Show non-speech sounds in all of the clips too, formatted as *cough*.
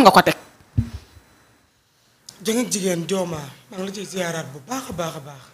fan nga ko teg. jëng jigéen joomaa maa ngi la ciy bu baax a baax a baax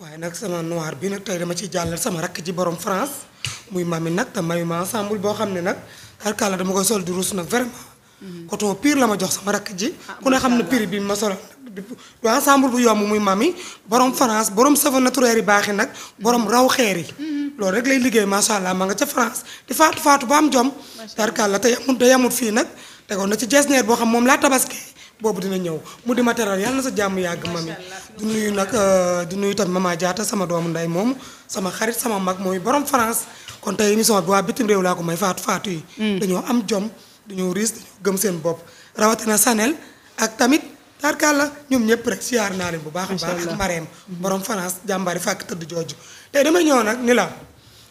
waaye nag sama noir bi nag tey dama ciy jàllal sama rakk ji borom France muy mami nag te mayu ma ensemble boo xam ne nag karkaala dama koy sol du ruus nag mm-hmm. la ma jox sama rakk ji. Ah, ku ne xam ne prix bi ma solo du ensemble bu yomb muy mami borom France borom cheveux naturels yi baax yi nag borom raw xeer yi. Mm-hmm. loolu rek lay liggéey macha allah ma nga ca France di faatu faatu ba am jom. macha allah karkaala te yamut te yamut fii nag. tegoon na ci jesneer boo xam moom laa tabaski boobu dina ñëw mu di ma teral yàlla na sa jàmm yàgg mami di nuyu nag euh, di nuyu tamit mamaa jaata sama doomu nday moom sama xarit sama mag mooy borom France kon tey émission bi waa bitim réew laa ko may faatu faatu yi mm. dañoo am jom dañoo riis dañoo gëm seen bopp rawatina Sanel ak tamit tarkalla ñoom ñëpp rek siyaar naa leen bu baax a baax ak mareem mm-hmm. borom France jàmbaari fàkk tëdd jooju tey damay ñëw nag ni la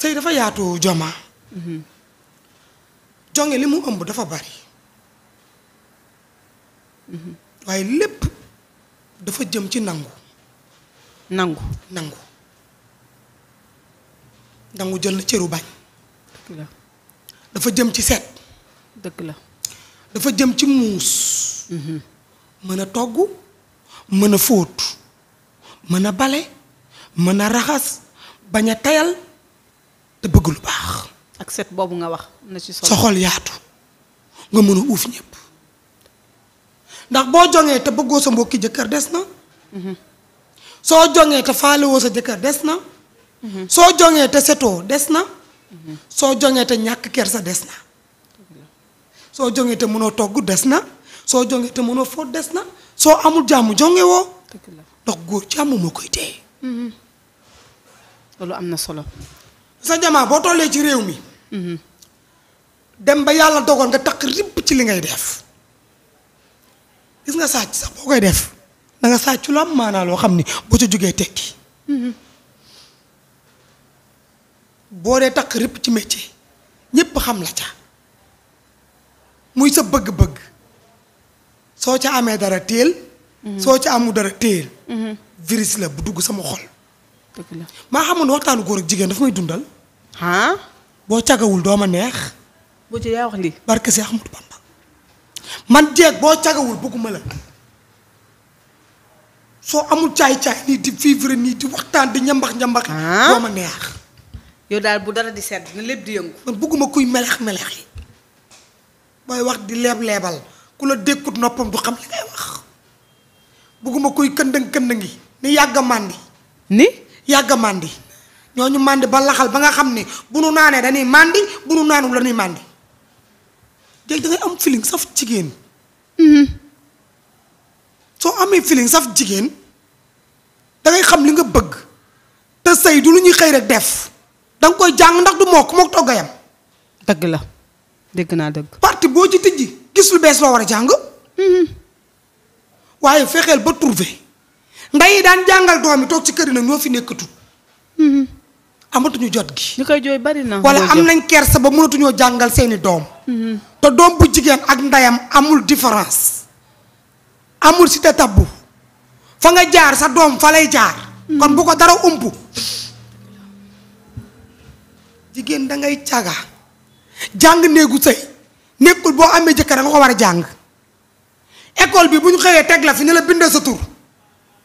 sëy dafa yaatu joma mm-hmm. jonge li mu ëmb dafa bari waaye lépp dafa jëm ci nangu. nangu nangu. nangu jël na cëru bañ. dafa jëm ci set dëgg la dafa jëm ci muus. Mhm. mën a togg mën a fóot mën a bale mën a raxas bañ a tayal te bëgg lu baax. ak set boobu nga wax na ci soxol yaatu nga mën uuf ñëpp. ndax boo joŋee te bëggoo sa mbokki jëkkër des na soo joŋee te faalewoo sa jëkkër des na soo joŋee te setoo des na soo jongee te ñàkk sa des na soo joŋee te mënoo togg des na soo joŋee te mënoo fóot des na soo amul jàmm jonge woo ndax góor jàmm moo koy téye mhm. loolu am na solo sa jamaa boo tollee ci réew mi mhm. dem ba yàlla dogal nga takk ripp ci li ngay def gis nga sàcc sax boo koy def da nga sàcc lu am maanaa loo xam ni boo ca jógee tekki. Mm-hmm. boo dee takk rëpp ci métier ñépp xam la ca muy sa bëgg-bëgg soo ca amee dara téel. Mm-hmm. soo ca amul dara téel. Mm-hmm. virus la bu dugg sama xol. maa xamoon waxtaanu góor ak jigéen daf may dundal. ah. boo cagawul doo ma neex. boo ci yaa wax lii. man jeeg boo cagawul bëgguma la soo amul caay-caay nii di vivre nii di waxtaan di ñambax-ñambax ah. doo ma neex yow daal bu dara di sedd na lépp di yëngu man bëgguma kuy melex-melex yi booy wax di leeb-leebal ku la dékkut noppam du xam li ngay wax bëgguma kuy këndëng-këndëng yi ni yàgg màndi ni yàgg a màndi ñooñu màndi ba laxal ba nga xam ni bu nu naanee danuy màndi bu nu naanul la màndi jéeg da am feeling saf jigéen. Mm-hmm. soo amee feeling saf jigéen da xam li nga bëgg te sëy du lu ñuy xëy rek def da nga koy jàng ndax du mokk mook togg dëgg la dëgg naa dëgg. parti boo ci tijji gis lu bees loo war a jàng. Mm-hmm. waaye fexeel ba trouver yi daan jàngal doom yi toog ci kër yi nag ñoo fi nekkatul. Mm-hmm. amatuñu jot gi. ñu koy jooy bari na. wala am nañ kersa ba mënatuñoo jàngal seeni doom. te doom bu jigéen ak ndeyam amul différence amul si tabu fa nga jaar sa doom fa lay jaar kon bu ko dara ump jigéen da caga jàng néegu sëy nekkul boo amee jëkkër da nga ko war a jàng école bi bu ñu xëyee teg la fi ne la bindee sa tur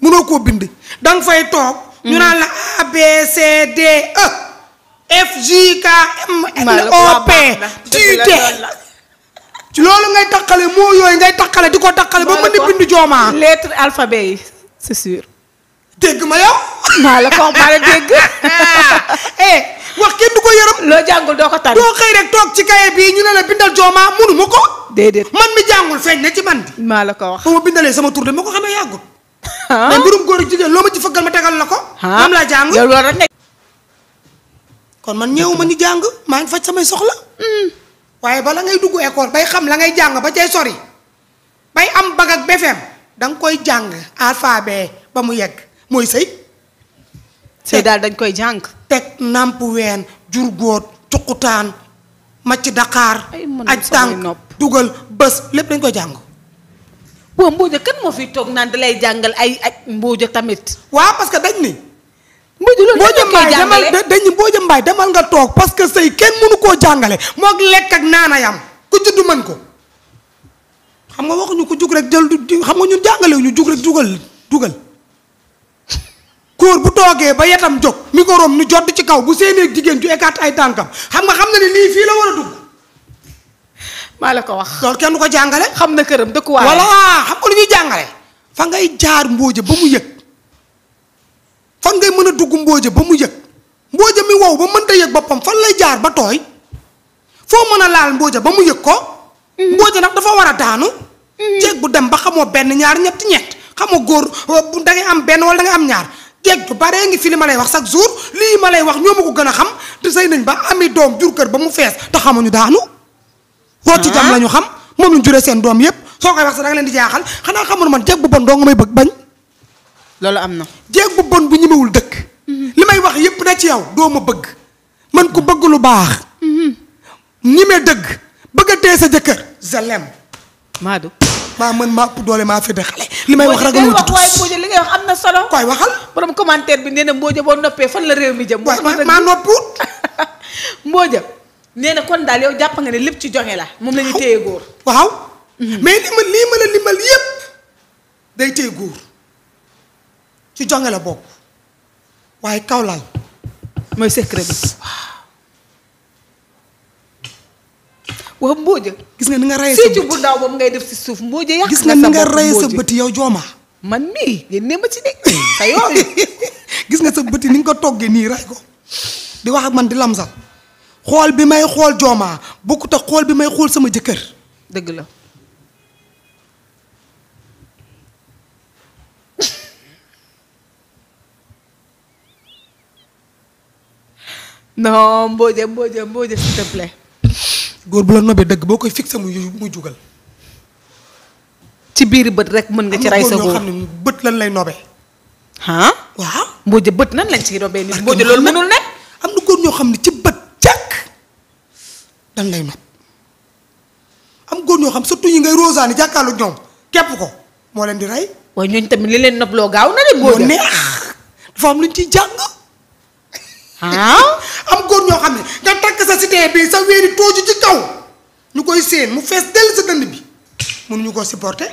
mënoo koo bind danga fay toog ñu mm-hmm. naan la A F J K M N O P Q T ci loolu ngay taqale moo yooyu ngay taqale di ko taqale ba mën a bind joomaa. lettre alphabet yi c'est sûr. dégg ma yow. maa la ko maa la dégg. *laughs* Eh, wax kenn du ko yërëm. loo jàngul doo ko tànn. doo xëy rek toog ci kaye bii ñu ne la bindal joomaa munu ma ko. déedéet man mi jàngul feeñ na ci man. maa la ko wax ba ma bindalee sama tur de ma ko xamee yàggul. Ah. mais mbirum góor ak jigéen loo ma ci fëggal ma tegal la ko. Ah. moom laa jàng kon man ñëwuma ni jàng maa ngi faj samay soxla. Mm. waaye bala ngay dugg école bay xam la ngay jàng ba cay sori bay am bag ak BFEM danga koy jàng alphabet ba mu yegg mooy sëy. sëy daal dañ koy jàng. teg nàmp ween jur góot cuqutaan macc daqaar. aj tànk dugal bés lépp dañ koy jàng. waaw Mbodja kan moo fi toog naan da jàngal ay aj Mbodja tamit. waaw parce que dañ ni. mbay di boo jëm mbaay demal dañu boo jëm mbaay demal nga toog parce que sëy kenn mënu koo jàngale moog lekk ak naana yam ku juddu mën ko xam nga waxuñu ko jug rek jël du xam nga ñun jàngale ñu jug rek dugal dugal góor bu toogee ba yetam jóg microom nu jot ci kaw bu seenee jigéen ju écarté ay tànkam xam nga xam na ne lii fii la war a dugg maa la ko wax loolu kenn du ko jàngale xam na këram dëkkuwaay voilà xam nga lu ñuy jàngale fa ngay jaar mbooja ba mu yëg mën a ba mu yëg mbooja mi wow ba mënta boppam fan lay jaar ba tooy foo mën a laal mbooja ba mu yëg ko mm-hmm. mbooja nag dafa war a daanu mm-hmm. jeeg bu dem ba xamoo benn ñaar ñetti ñett xamoo góor euh, da ngay am benn wala da ngay am ñaar jeeg bu baree ngi fi li ma lay wax chaque jour lii ma lay wax ñoo ma ko gën a xam te sëy nañ ba ami doom jur kër ba mu fees te xamuñu daanu rocci jam ah. la ñu xam moom lañ juree seen doom yépp soo koy wax sax da nga leen di jaaxal xanaa xamul man jeeg bu bon doo nga may bëgg bañ loolu am na. jéeg bon bu ñemewul dëkk. Mhm. li may wax yépp na ci yow doo ma bëgg. mën ko bëgg lu baax. Mhm. ñime dëgg. bëgg a sa jëkkër. je l'aime. Madou. maa mën maa ëpp doole maa fete xale. li may wax ragaloo ci tuus waaye Mbodj li ngay wax am na solo. koy waxal. borom nee na Mbodj boo noppee fan la réew mi jëm. waaw maa maa noppuut. *laughs* Mbodj nee na kon daal jàpp nga ne lépp ci joxe la. moom la ñu góor. waaw. Mhm. mais li ma lii ma la limal yépp day téye góor. ci jonge waaye kaw lal mooy secret bi gis nga ni nga rey sa bët bu ndaw boobu ngay def si suuf mbooja yàq gis nga ni nga rey sa jooma ma ci de *laughs* gis nga sa bëti ni nga ko toggee nii rey ko di wax ak man di lamsal xool bi may xool joomaa bokkut ak xool bi may xool sama jëkkër dëgg la non Mbodja Mbodja Mbodja s'il te plaît. góor bu la nobee dëgg boo koy fixé muy muy jugal. ci biir bët rek mën nga ci rey sa góor xam ne bët lan lay nobee. ah waaw. Mbodja bët nan lañ ciy nobee loolu mënul ne. am na góor ñoo xam ne ci bët jàkk dan lay nob am góor ñoo xam surtout ñi ngay rosaani jàkkaarlu ñoom képp ko moo leen di rey. waaye ñooñu tamit li leen loo gaaw na de. Mbodja dafa am luñ ciy jàng. *laughs* am góor ñoo xam ne nga takk sa sitee bii sa wéeri tooju ci kaw ñu koy séen mu fees dell sa dënd bi mënuñu ko supporter.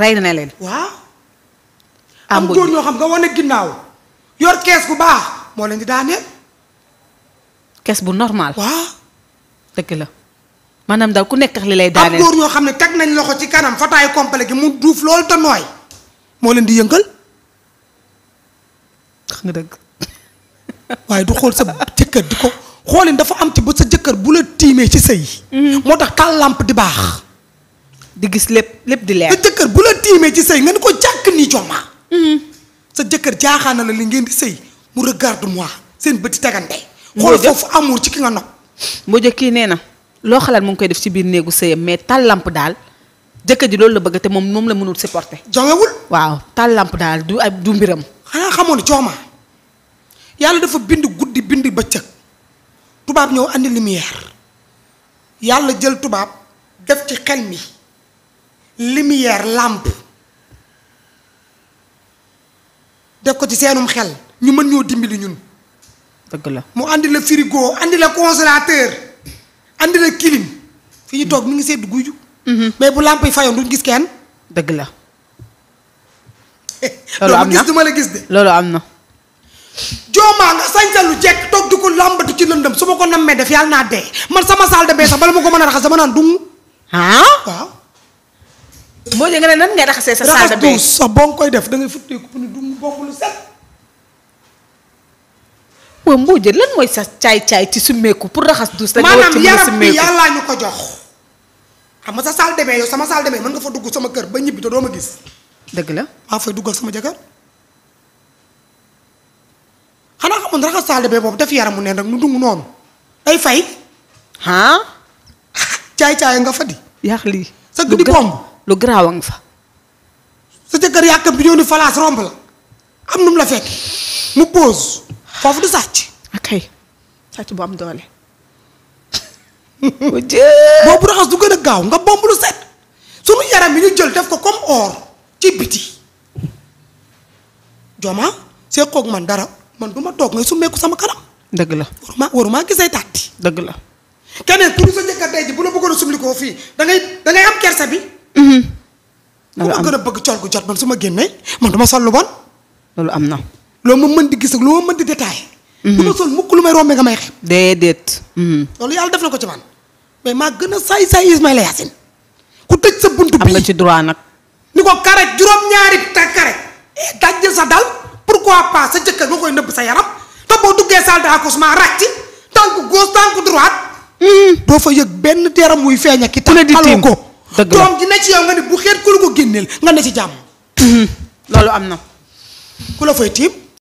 rey na leen. waaw. am góor ñoo xam nga wane ginnaaw yor kees bu baax moo leen di daaneel. kees bu normal. waaw. dëgg la. maanaam daal ku nekk li lay daaneel. am góor ñoo xam ne teg nañ loxo ci kanam fataay complet gi mu duuf loolu te nooy. moo leen di yëngal. wax nga dëgg. waaye du xool sa jëkkër di ko xoolin dafa am ci ba sa jëkkër bu la tiimee ci sëy mm-hmm. moo tax taal lamp di baax. di gis lépp lépp di leer. sa jëkkër bu la tiimee ci sëy nga ni ko jàkk nii jommaa. Mm-hmm. sa jëkkër jaaxaan na la li ngeen di sëy mu regarde moi seen bëti tagante. xool foofu amour ci ki nga nopp. Mbodj kii nee na loo xalaat mu ngi koy def ci biir néegu sëyam mais taal lamp daal. jëkkër ji loolu la bëgg te moom moom la mënul supporter. jongewul waaw taal daal du ay yàlla dafa bind guddi bind bëccëg tubaab ñëw andi lumière yàlla jël tubaab def ci xel mi lumière làmp def ko ci seenum xel ñu mën ñoo dimbili ñun. dëgg la mu andi la frigo andi la congélateur andi fi ñu toog mu ngi sedd guju. Mhm. mais bu làmp yi fayoon duñ gis kenn. dëgg la. *laughs* loolu am gis du la gis de. loolu am na. joomaa nga sañse lu jekk toog di ko làmbatu ci lëndëm su ma ko nammee def yàlla naa dee man sama saal de bee ko mën a raxas dama naan dung ah? moo jëg ne nan ngay raxasee sa koy def da ngay futteeku bu ne dung bomb lu set waaw caay-caay ci summeeku pour raxas duus rek maanaam ko jox xam nga sa saal demee yow sama saal demee nga fa dugg sama kër ba ñibbi te ma gis dëgg la maa fay duggal sama jëkkër man raxasaale bee boobu def yaramu neen rek nu dung noonu day fay. ah. *laughs* caay caay nga fa di. yàq lii sa guddi pomb lu garaaw a nga fa. sa jëkkër yàkkam bi ñëw ni falaas romb la am nu mu la fekk mu pose foofu du sàcc. akay sàcc bu am doole. *laughs* boobu raxas du gën a gaaw nga bomb lu set sunu yaram yi ñu jël def ko comme or ci biti. Joma seqoog man dara. man du ma toog ngay summeeku sama kanam. dëgg la waruma waruma gisay tàtti. dëgg la. keneen ku ñu sa jëkkër tey ji bu a sumli koo fii bi. da mhm. nga am gën a bëgg col gu jot man su ma génnee man du sol lu bon. loolu am na. loo ma mën di gis ak loo ma mën di détaillé. lu mhm. ma sol mukk lu may rombee nga may xeeb. déedéet. Mhm. loolu yàlla def na ko ci man mais maa gën a saay saay Ismaïla Yacine ku tëj sa buntu bi am nga ci droit nag. ni ko kare juróom-ñaari ta kare eh, dajjal sa dal. pourquoi pas sa jëkkër nga koy nëbb sa yaram te boo duggee salle d'accouchement ràcc tànku gauche tànku droite. boo hmm. fa yëg benn teeram muy feeñ ak. ku ne di tiim ko doom ji ne ci yow nga ne bu xeet ku la ko génneel nga ne ci jàmm. Hmm. loolu am na ku la fay tiim.